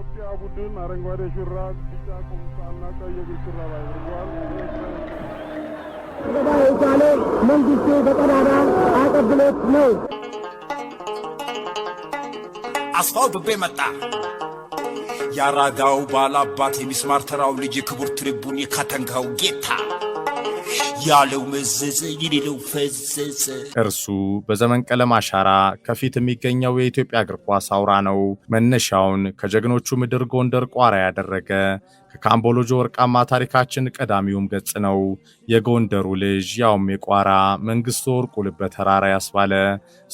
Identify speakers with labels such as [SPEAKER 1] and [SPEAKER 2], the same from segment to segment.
[SPEAKER 1] የኢትዮጵያ ቡድን አረንጓዴ ሹራብ፣ ቢጫ ቁምጣና ቀይ የግል ሹራብ አድርጓል። ቀዳ የቻለ መንግስቱ በቀዳዳ አቀብሎት ነው። አስፋው ብቤ መጣ የአራጋው ባላባት የሚስማር ተራው ልጅ ክቡር ትሪቡን የካተንካው ጌታ ያለው መዘዘ የሌለው ፈዘዘ።
[SPEAKER 2] እርሱ በዘመን ቀለም አሻራ ከፊት የሚገኘው የኢትዮጵያ እግር ኳስ አውራ ነው። መነሻውን ከጀግኖቹ ምድር ጎንደር ቋራ ያደረገ ከካምቦሎጆ ወርቃማ ታሪካችን ቀዳሚውም ገጽ ነው። የጎንደሩ ልጅ ያውም የቋራ መንግስቱ ወርቁ ልበ ተራራ ያስባለ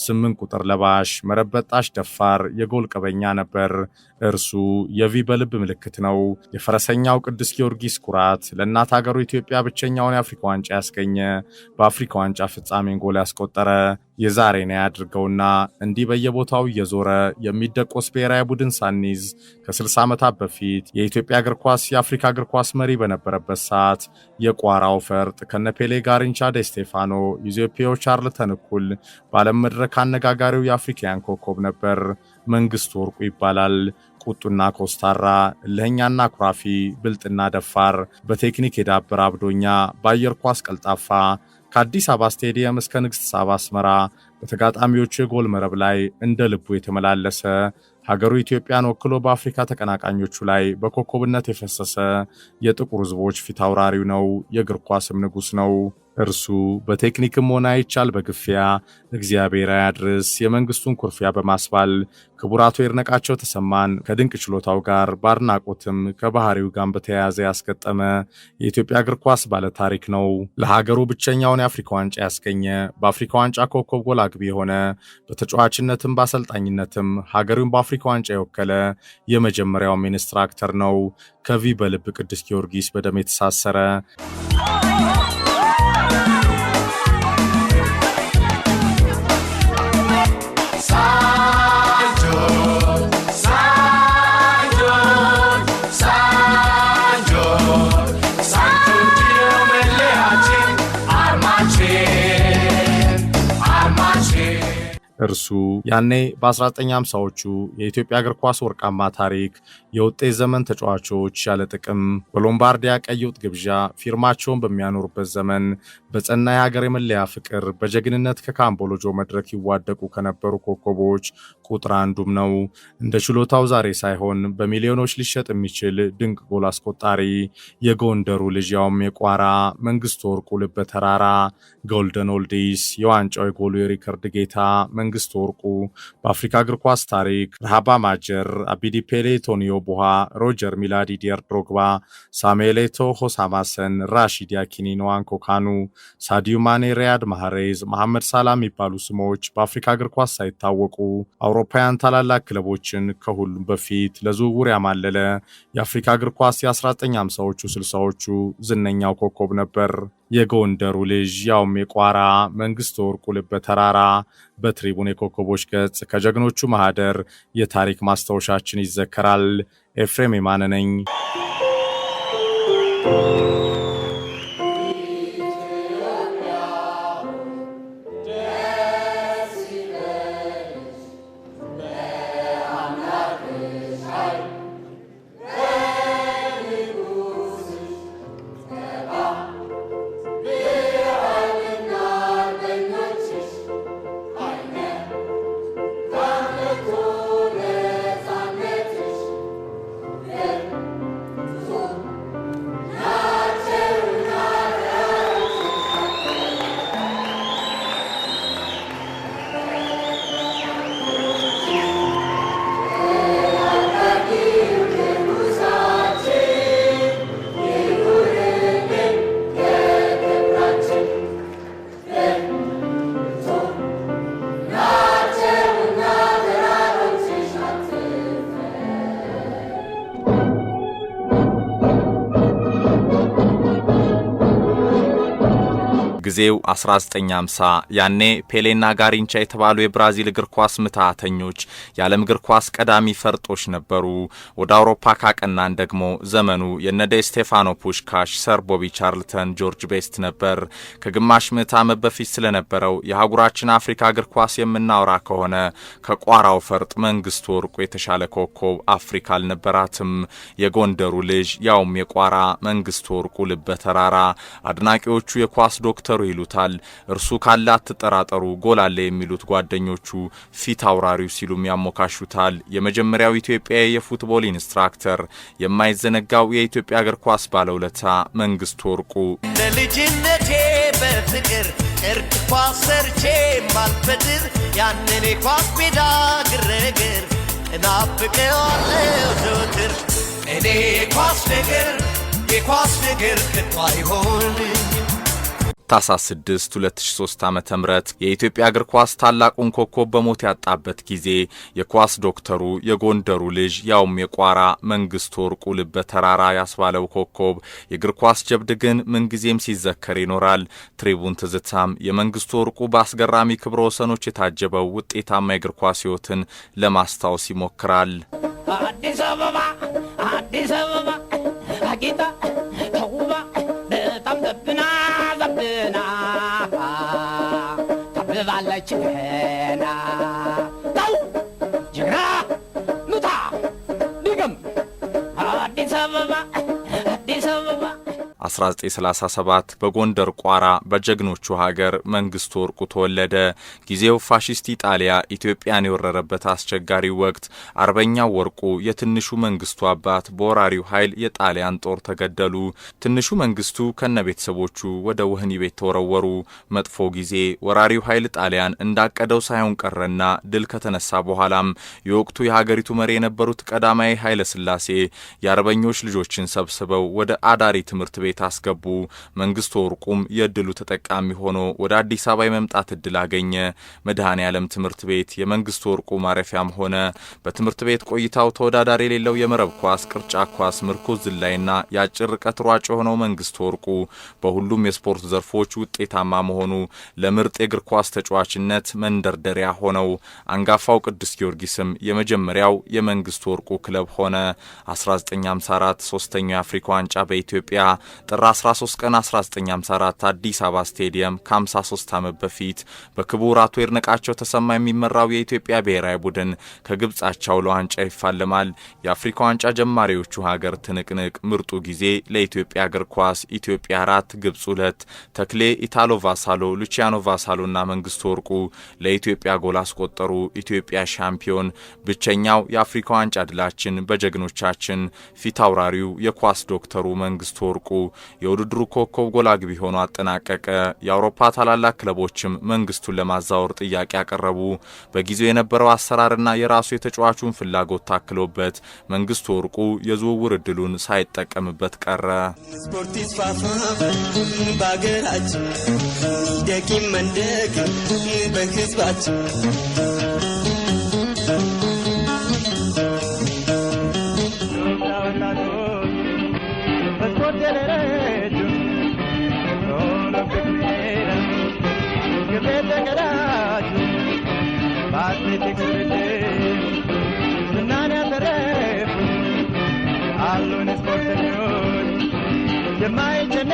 [SPEAKER 2] ስምንት ቁጥር ለባሽ መረበጣሽ ደፋር የጎል ቀበኛ ነበር። እርሱ የቪ በልብ ምልክት ነው። የፈረሰኛው ቅዱስ ጊዮርጊስ ኩራት ለእናት አገሩ ኢትዮጵያ ብቸኛውን የአፍሪካ ዋንጫ ያስገኘ፣ በአፍሪካ ዋንጫ ፍጻሜን ጎል ያስቆጠረ የዛሬን ያድርገውና እንዲህ በየቦታው እየዞረ የሚደቆስ ብሔራዊ ቡድን ሳኒዝ ከ60 ዓመታት በፊት የኢትዮጵያ እግር ኳስ የአፍሪካ እግር ኳስ መሪ በነበረበት ሰዓት የቋራው ፈርጥ ከነፔሌ ጋሪንቻ ደ ስቴፋኖ ዩዜፔዮ ቻርልተን እኩል በዓለም መድረክ አነጋጋሪው የአፍሪካውያን ኮከብ ነበር። መንግስቱ ወርቁ ይባላል። ቁጡና ኮስታራ፣ እልህኛና ኩራፊ፣ ብልጥና ደፋር፣ በቴክኒክ የዳበረ አብዶኛ፣ በአየር ኳስ ቀልጣፋ ከአዲስ አበባ ስቴዲየም እስከ ንግሥት ሳባ አስመራ በተጋጣሚዎቹ የጎል መረብ ላይ እንደ ልቡ የተመላለሰ ሀገሩ ኢትዮጵያን ወክሎ በአፍሪካ ተቀናቃኞቹ ላይ በኮከብነት የፈሰሰ የጥቁር ሕዝቦች ፊት አውራሪው ነው። የእግር ኳስም ንጉሥ ነው። እርሱ በቴክኒክም ሆነ አይቻል በግፊያ እግዚአብሔር አያድርስ የመንግስቱን ኩርፊያ በማስባል ክቡራቱ አቶ ይድነቃቸው ተሰማን ከድንቅ ችሎታው ጋር በአድናቆትም ከባህሪው ጋር በተያያዘ ያስገጠመ የኢትዮጵያ እግር ኳስ ባለታሪክ ነው። ለሀገሩ ብቸኛውን የአፍሪካ ዋንጫ ያስገኘ፣ በአፍሪካ ዋንጫ ኮከብ ጎል አግቢ የሆነ፣ በተጫዋችነትም በአሰልጣኝነትም ሀገሩን በአፍሪካ ዋንጫ የወከለ የመጀመሪያው ኢንስትራክተር ነው። ከቪ በልብ ቅዱስ ጊዮርጊስ በደም የተሳሰረ እርሱ ያኔ በ1950ዎቹ የኢትዮጵያ እግር ኳስ ወርቃማ ታሪክ የውጤት ዘመን ተጫዋቾች ያለ ጥቅም በሎምባርዲያ ቀይ ወጥ ግብዣ ፊርማቸውን በሚያኖሩበት ዘመን በጸና የሀገር የመለያ ፍቅር በጀግንነት ከካምቦሎጆ መድረክ ይዋደቁ ከነበሩ ኮከቦች ቁጥር አንዱም ነው። እንደ ችሎታው ዛሬ ሳይሆን በሚሊዮኖች ሊሸጥ የሚችል ድንቅ ጎል አስቆጣሪ የጎንደሩ ልጅ ያውም የቋራ መንግስቱ ወርቁ ልበ ተራራ ጎልደን ኦልዲስ የዋንጫው የጎሉ የሪከርድ ጌታ መንግስቱ ወርቁ በአፍሪካ እግር ኳስ ታሪክ ረሃባ ማጀር፣ አቢዲ ፔሌ፣ ቶኒዮ ቡሃ፣ ሮጀር ሚላ፣ ዲዲየር ድሮግባ፣ ሳሙኤል ኤቶ፣ ሆሳ ራሺድ ያኪኒ፣ ንዋንኮ ካኑ፣ ሳዲዩ ማኔ፣ ሪያድ ማህሬዝ፣ መሐመድ ሳላ የሚባሉ ስሞች በአፍሪካ እግር ኳስ ሳይታወቁ አውሮፓውያን ታላላቅ ክለቦችን ከሁሉም በፊት ለዝውውር ያማለለ የአፍሪካ እግር ኳስ የ1950ዎቹ ስልሳዎቹ ዝነኛው ኮከብ ነበር። የጎንደሩ ልጅ ያውም የቋራ መንግስት ወርቁ ልበ ተራራ በትሪቡን የኮከቦች ገጽ ከጀግኖቹ ማህደር የታሪክ ማስታወሻችን ይዘከራል። ኤፍሬም የማነ ነኝ። ጊዜው 1950 ያኔ ፔሌና ጋሪንቻ የተባሉ የብራዚል እግር ኳስ ምትሃተኞች የዓለም እግር ኳስ ቀዳሚ ፈርጦች ነበሩ። ወደ አውሮፓ ካቀናን ደግሞ ዘመኑ የነደ ስቴፋኖ ፑሽካሽ፣ ሰር ቦቢ ቻርልተን፣ ጆርጅ ቤስት ነበር። ከግማሽ ምዕተ ዓመት በፊት ስለነበረው የአህጉራችን አፍሪካ እግር ኳስ የምናወራ ከሆነ ከቋራው ፈርጥ መንግስቱ ወርቁ የተሻለ ኮከብ አፍሪካ አልነበራትም። የጎንደሩ ልጅ ያውም የቋራ መንግስቱ ወርቁ ልበ ተራራ አድናቂዎቹ የኳስ ዶክተሩ ይሉታል። እርሱ ካለ አትጠራጠሩ፣ ጎል አለ የሚሉት ጓደኞቹ ፊት አውራሪው ሲሉም ያሞካሹታል። የመጀመሪያው ኢትዮጵያ የፉትቦል ኢንስትራክተር፣ የማይዘነጋው የኢትዮጵያ እግር ኳስ ባለውለታ መንግስቱ ወርቁ እንደ በፍቅር እርድ ኳስ ሰርቼ ያንን የኳስ ሜዳ ግርግር እናፍቀዋለሁ ዘወትር እኔ የኳስ ነገር የኳስ ነገር ክቷ ይሆን ታሳ 6 2003 ዓ.ም የኢትዮጵያ እግር ኳስ ታላቁን ኮከብ በሞት ያጣበት ጊዜ የኳስ ዶክተሩ የጎንደሩ ልጅ ያውም የቋራ መንግስቱ ወርቁ ልበ ተራራ ያስባለው ኮከብ የእግር ኳስ ጀብድ ግን ምንጊዜም ሲዘከር ይኖራል። ትሪቡን ትዝታም የመንግስቱ ወርቁ በአስገራሚ ክብረ ወሰኖች የታጀበው ውጤታማ የእግር ኳስ ህይወትን ለማስታወስ ይሞክራል። አዲስ አበባ አዲስ አበባ አዲስ አበባ አዲስ አበባ 1937 በጎንደር ቋራ በጀግኖቹ ሀገር መንግስቱ ወርቁ ተወለደ። ጊዜው ፋሽስት ኢጣሊያ ኢትዮጵያን የወረረበት አስቸጋሪ ወቅት። አርበኛው ወርቁ የትንሹ መንግስቱ አባት በወራሪው ኃይል የጣሊያን ጦር ተገደሉ። ትንሹ መንግስቱ ከነ ቤተሰቦቹ ወደ ወህኒ ቤት ተወረወሩ። መጥፎ ጊዜ። ወራሪው ኃይል ጣሊያን እንዳቀደው ሳይሆን ቀረና ድል ከተነሳ በኋላም የወቅቱ የሀገሪቱ መሪ የነበሩት ቀዳማዊ ኃይለ ስላሴ የአርበኞች ልጆችን ሰብስበው ወደ አዳሪ ትምህርት ቤት ቤት አስገቡ። መንግስቱ ወርቁም የእድሉ ተጠቃሚ ሆኖ ወደ አዲስ አበባ የመምጣት እድል አገኘ። መድኃኔ ዓለም ትምህርት ቤት የመንግስቱ ወርቁ ማረፊያም ሆነ። በትምህርት ቤት ቆይታው ተወዳዳሪ የሌለው የመረብ ኳስ፣ ቅርጫ ኳስ፣ ምርኩዝ ዝላይና የአጭር ርቀት ሯጭ የሆነው መንግስቱ ወርቁ በሁሉም የስፖርት ዘርፎች ውጤታማ መሆኑ ለምርጥ የእግር ኳስ ተጫዋችነት መንደርደሪያ ሆነው አንጋፋው ቅዱስ ጊዮርጊስም የመጀመሪያው የመንግስቱ ወርቁ ክለብ ሆነ። 1954 ሶስተኛው የአፍሪካ ዋንጫ በኢትዮጵያ ጥር 13 ቀን 1954 አዲስ አበባ ስቴዲየም ከ53 ዓመት በፊት በክቡር አቶ ይድነቃቸው ተሰማ የሚመራው የኢትዮጵያ ብሔራዊ ቡድን ከግብጻቸው ለዋንጫ ይፋለማል። የአፍሪካ ዋንጫ ጀማሪዎቹ ሀገር ትንቅንቅ ምርጡ ጊዜ ለኢትዮጵያ እግር ኳስ ኢትዮጵያ አራት ግብጽ ሁለት ተክሌ ኢታሎ ቫሳሎ ሉቺያኖ ቫሳሎና መንግስቱ ወርቁ ለኢትዮጵያ ጎል አስቆጠሩ። ኢትዮጵያ ሻምፒዮን። ብቸኛው የአፍሪካ ዋንጫ ድላችን በጀግኖቻችን ፊት አውራሪው የኳስ ዶክተሩ መንግስቱ ወርቁ የውድድሩ ኮከብ ጎል አግቢ ሆኖ አጠናቀቀ። የአውሮፓ ታላላቅ ክለቦችም መንግስቱን ለማዛወር ጥያቄ ያቀረቡ። በጊዜው የነበረው አሰራርና የራሱ የተጫዋቹን ፍላጎት ታክሎበት መንግስቱ ወርቁ የዝውውር እድሉን ሳይጠቀምበት ቀረ። ስፖርት ይስፋፋ ደቂም በህዝባችን The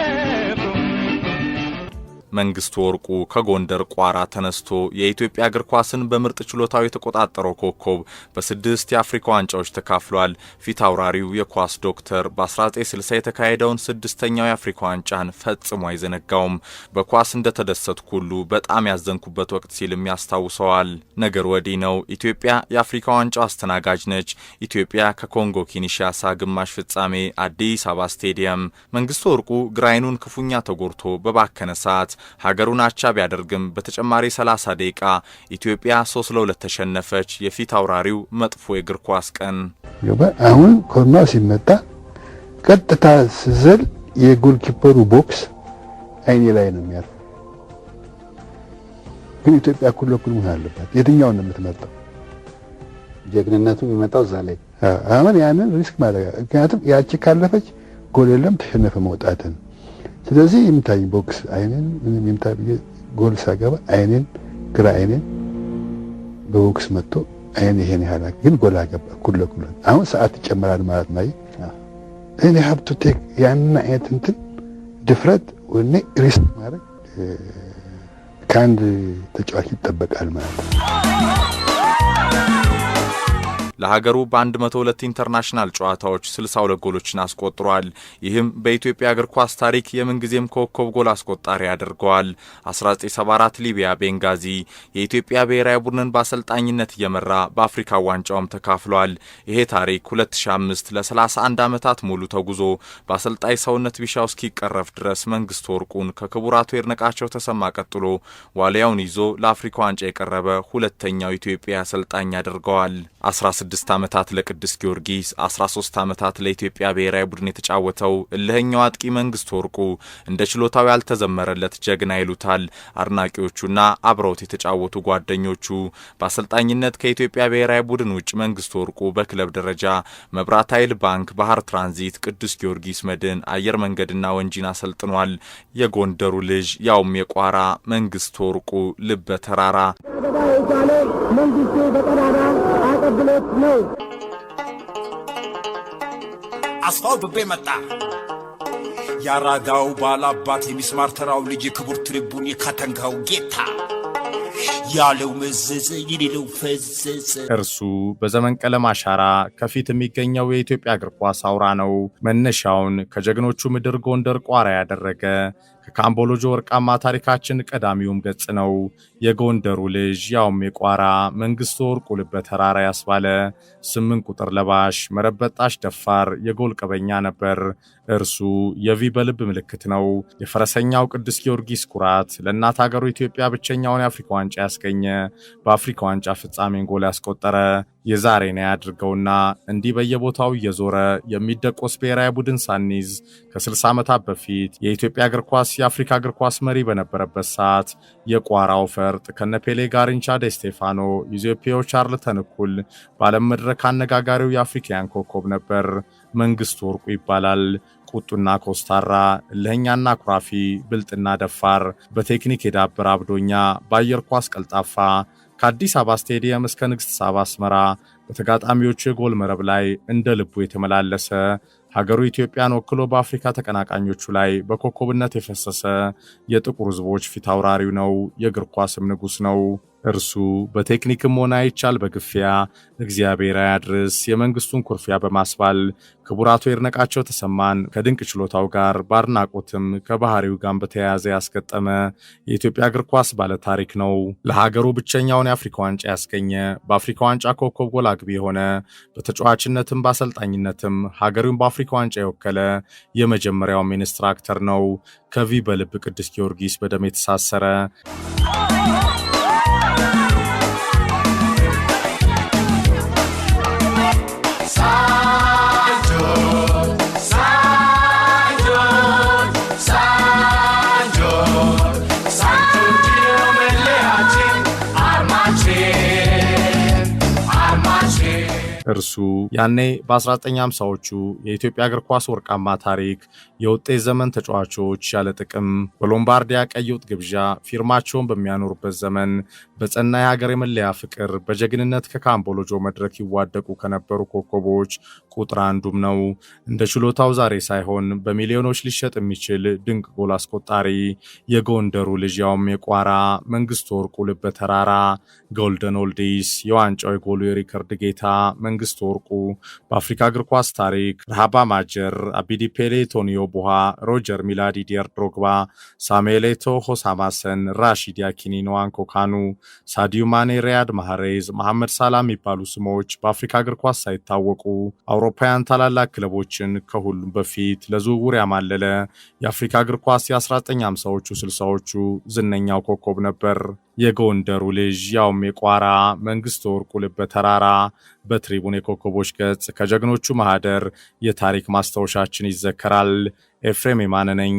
[SPEAKER 2] መንግስቱ ወርቁ ከጎንደር ቋራ ተነስቶ የኢትዮጵያ እግር ኳስን በምርጥ ችሎታው የተቆጣጠረው ኮከብ በስድስት የአፍሪካ ዋንጫዎች ተካፍሏል። ፊት አውራሪው የኳስ ዶክተር በ1960 የተካሄደውን ስድስተኛው የአፍሪካ ዋንጫን ፈጽሞ አይዘነጋውም። በኳስ እንደተደሰትኩ ሁሉ በጣም ያዘንኩበት ወቅት ሲልም ያስታውሰዋል። ነገር ወዲህ ነው። ኢትዮጵያ የአፍሪካ ዋንጫው አስተናጋጅ ነች። ኢትዮጵያ ከኮንጎ ኪንሻሳ ግማሽ ፍጻሜ አዲስ አበባ ስቴዲየም። መንግስቱ ወርቁ ግራይኑን ክፉኛ ተጎድቶ በባከነ ሰዓት ሀገሩን አቻ ቢያደርግም በተጨማሪ 30 ደቂቃ ኢትዮጵያ 3 ለሁለት ተሸነፈች። የፊት አውራሪው መጥፎ የእግር ኳስ ቀን።
[SPEAKER 3] አሁን ኮርና ሲመጣ ቀጥታ ስዘል የጎልኪፐሩ ቦክስ አይኔ ላይ ነው የሚያርፍ። ግን ኢትዮጵያ እኩል ለእኩል መሆን አለባት። የትኛውን ነው የምትመርጠው? ጀግንነቱ የሚመጣው እዛ ላይ አሁን ያንን ሪስክ ማድረግ ምክንያቱም ያቺ ካለፈች ጎል የለም ተሸነፈ መውጣትን ስለዚህ ይምታኝ ቦክስ አይኔን ምንም ይምታ ብዬ ጎል ሳገባ አይኔን ግራ አይኔን በቦክስ መጥቶ አይኔ ይሄን ያህል ግን ጎል አገባ። ኩለ ኩለ አሁን ሰዓት ይጨምራል ማለት ነው። እኔ ሀብቱ ቴክ ያንን አይነት እንትን ድፍረት ወኔ ሪስክ ማድረግ ከአንድ ተጫዋች ይጠበቃል ማለት ነው።
[SPEAKER 2] ለሀገሩ በ102 ኢንተርናሽናል ጨዋታዎች 62 ጎሎችን አስቆጥሯል። ይህም በኢትዮጵያ እግር ኳስ ታሪክ የምንጊዜም ኮከብ ጎል አስቆጣሪ አድርገዋል። 1974 ሊቢያ ቤንጋዚ የኢትዮጵያ ብሔራዊ ቡድንን በአሰልጣኝነት እየመራ በአፍሪካ ዋንጫውም ተካፍሏል። ይሄ ታሪክ 2005 ለ31 ዓመታት ሙሉ ተጉዞ በአሰልጣኝ ሰውነት ቢሻው እስኪቀረፍ ድረስ መንግስት ወርቁን ከክቡራቱ የድነቃቸው ተሰማ ቀጥሎ ዋልያውን ይዞ ለአፍሪካ ዋንጫ የቀረበ ሁለተኛው ኢትዮጵያ አሰልጣኝ አድርገዋል። 16 ዓመታት ለቅዱስ ጊዮርጊስ፣ 13 ዓመታት ለኢትዮጵያ ብሔራዊ ቡድን የተጫወተው እልህኛው አጥቂ መንግስቱ ወርቁ እንደ ችሎታው ያልተዘመረለት ጀግና ይሉታል አድናቂዎቹና አብረውት የተጫወቱ ጓደኞቹ። በአሰልጣኝነት ከኢትዮጵያ ብሔራዊ ቡድን ውጭ መንግስቱ ወርቁ በክለብ ደረጃ መብራት ኃይል ባንክ፣ ባህር ትራንዚት፣ ቅዱስ ጊዮርጊስ መድን፣ አየር መንገድና ወንጂን አሰልጥኗል። የጎንደሩ ልጅ ያውም የቋራ መንግስቱ ወርቁ ልበ ተራራ መንግስቱ በጠራራ አቀብሎት አስፋው ብቤ መጣ። የአራዳው ባላባት የሚስማር ተራው ልጅ ክቡር ትሪቡን የካተንጋው ጌታ ያለው መዘዘ የሌለው ፈዘዘ። እርሱ በዘመን ቀለም አሻራ ከፊት የሚገኘው የኢትዮጵያ እግር ኳስ አውራ ነው። መነሻውን ከጀግኖቹ ምድር ጎንደር ቋራ ያደረገ ከካምቦሎጂ ወርቃማ ታሪካችን ቀዳሚውም ገጽ ነው። የጎንደሩ ልጅ ያውም የቋራ መንግስቱ ወርቁ ልበ ተራራ ያስባለ ስምንት ቁጥር ለባሽ መረበጣሽ ደፋር የጎል ቀበኛ ነበር። እርሱ የቪ በልብ ምልክት ነው። የፈረሰኛው ቅዱስ ጊዮርጊስ ኩራት ለእናት ሀገሩ ኢትዮጵያ ብቸኛውን የአፍሪካ ዋንጫ ያስገኘ፣ በአፍሪካ ዋንጫ ፍጻሜን ጎል ያስቆጠረ የዛሬን ያድርገውና እንዲህ በየቦታው እየዞረ የሚደቆስ ብሔራዊ ቡድን ሳኒዝ ከ60 ዓመታት በፊት የኢትዮጵያ እግር ኳስ የአፍሪካ እግር ኳስ መሪ በነበረበት ሰዓት የቋራው ፈርጥ ከነፔሌ ጋርንቻ ደ ስቴፋኖ ዩዜፔዮ ቻርልተን እኩል በዓለም መድረክ አነጋጋሪው የአፍሪካውያን ኮከብ ነበር። መንግስቱ ወርቁ ይባላል። ቁጡና ኮስታራ፣ እልህኛና ኩራፊ፣ ብልጥና ደፋር፣ በቴክኒክ የዳበረ አብዶኛ፣ በአየር ኳስ ቀልጣፋ ከአዲስ አበባ ስቴዲየም እስከ ንግሥት ሳባ አስመራ በተጋጣሚዎቹ የጎል መረብ ላይ እንደ ልቡ የተመላለሰ ሀገሩ ኢትዮጵያን ወክሎ በአፍሪካ ተቀናቃኞቹ ላይ በኮከብነት የፈሰሰ የጥቁር ህዝቦች ፊት አውራሪው ነው። የእግር ኳስም ንጉስ ነው። እርሱ በቴክኒክም ሆነ አይቻል በግፊያ እግዚአብሔር አያድርስ የመንግስቱን ኩርፊያ በማስባል ክቡራቱ ይድነቃቸው ተሰማን ከድንቅ ችሎታው ጋር በአድናቆትም ከባህሪው ጋር በተያያዘ ያስገጠመ የኢትዮጵያ እግር ኳስ ባለታሪክ ነው። ለሀገሩ ብቸኛውን የአፍሪካ ዋንጫ ያስገኘ፣ በአፍሪካ ዋንጫ ኮከብ ጎል አግቢ የሆነ፣ በተጫዋችነትም በአሰልጣኝነትም ሀገሩን በአፍሪካ ዋንጫ የወከለ የመጀመሪያው ኢንስትራክተር ነው። ከቪ በልብ ቅዱስ ጊዮርጊስ በደም የተሳሰረ እርሱ ያኔ በ1950ዎቹ የኢትዮጵያ እግር ኳስ ወርቃማ ታሪክ የውጤት ዘመን ተጫዋቾች ያለ ጥቅም በሎምባርዲያ ቀይ ወጥ ግብዣ ፊርማቸውን በሚያኖሩበት ዘመን በጸና የሀገር የመለያ ፍቅር በጀግንነት ከካምቦሎጆ መድረክ ይዋደቁ ከነበሩ ኮከቦች ቁጥር አንዱም ነው። እንደ ችሎታው ዛሬ ሳይሆን በሚሊዮኖች ሊሸጥ የሚችል ድንቅ ጎል አስቆጣሪ የጎንደሩ ልጅ ያውም የቋራ መንግስቱ ወርቁ ልበ ተራራ ጎልደን ኦልዲስ የዋንጫው የጎሉ የሪከርድ ጌታ መንግስቱ ወርቁ በአፍሪካ እግር ኳስ ታሪክ ረሃባ ማጀር፣ አቢዲ ፔሌ፣ ቶኒዮ ቡሃ፣ ሮጀር ሚላዲ፣ ዲዲየር ድሮግባ፣ ሳሙኤል ኤቶ፣ ሆሳም ራሺድ ያኪኒ፣ ንዋንኮ ኮካኑ፣ ሳዲዩ ማኔ፣ ሪያድ ማህሬዝ፣ መሐመድ ሳላ የሚባሉ ስሞች በአፍሪካ እግር ኳስ ሳይታወቁ አውሮፓውያን ታላላቅ ክለቦችን ከሁሉም በፊት ለዝውውር ያማለለ የአፍሪካ እግር ኳስ የ1950ዎቹ ስልሳዎቹ ዝነኛው ኮከብ ነበር። የጎንደሩ ልጅ ያውም የቋራ መንግስት ወርቁ ልበ ተራራ በትሪቡን የኮከቦች ገጽ ከጀግኖቹ ማህደር የታሪክ ማስታወሻችን ይዘከራል። ኤፍሬም የማነ ነኝ።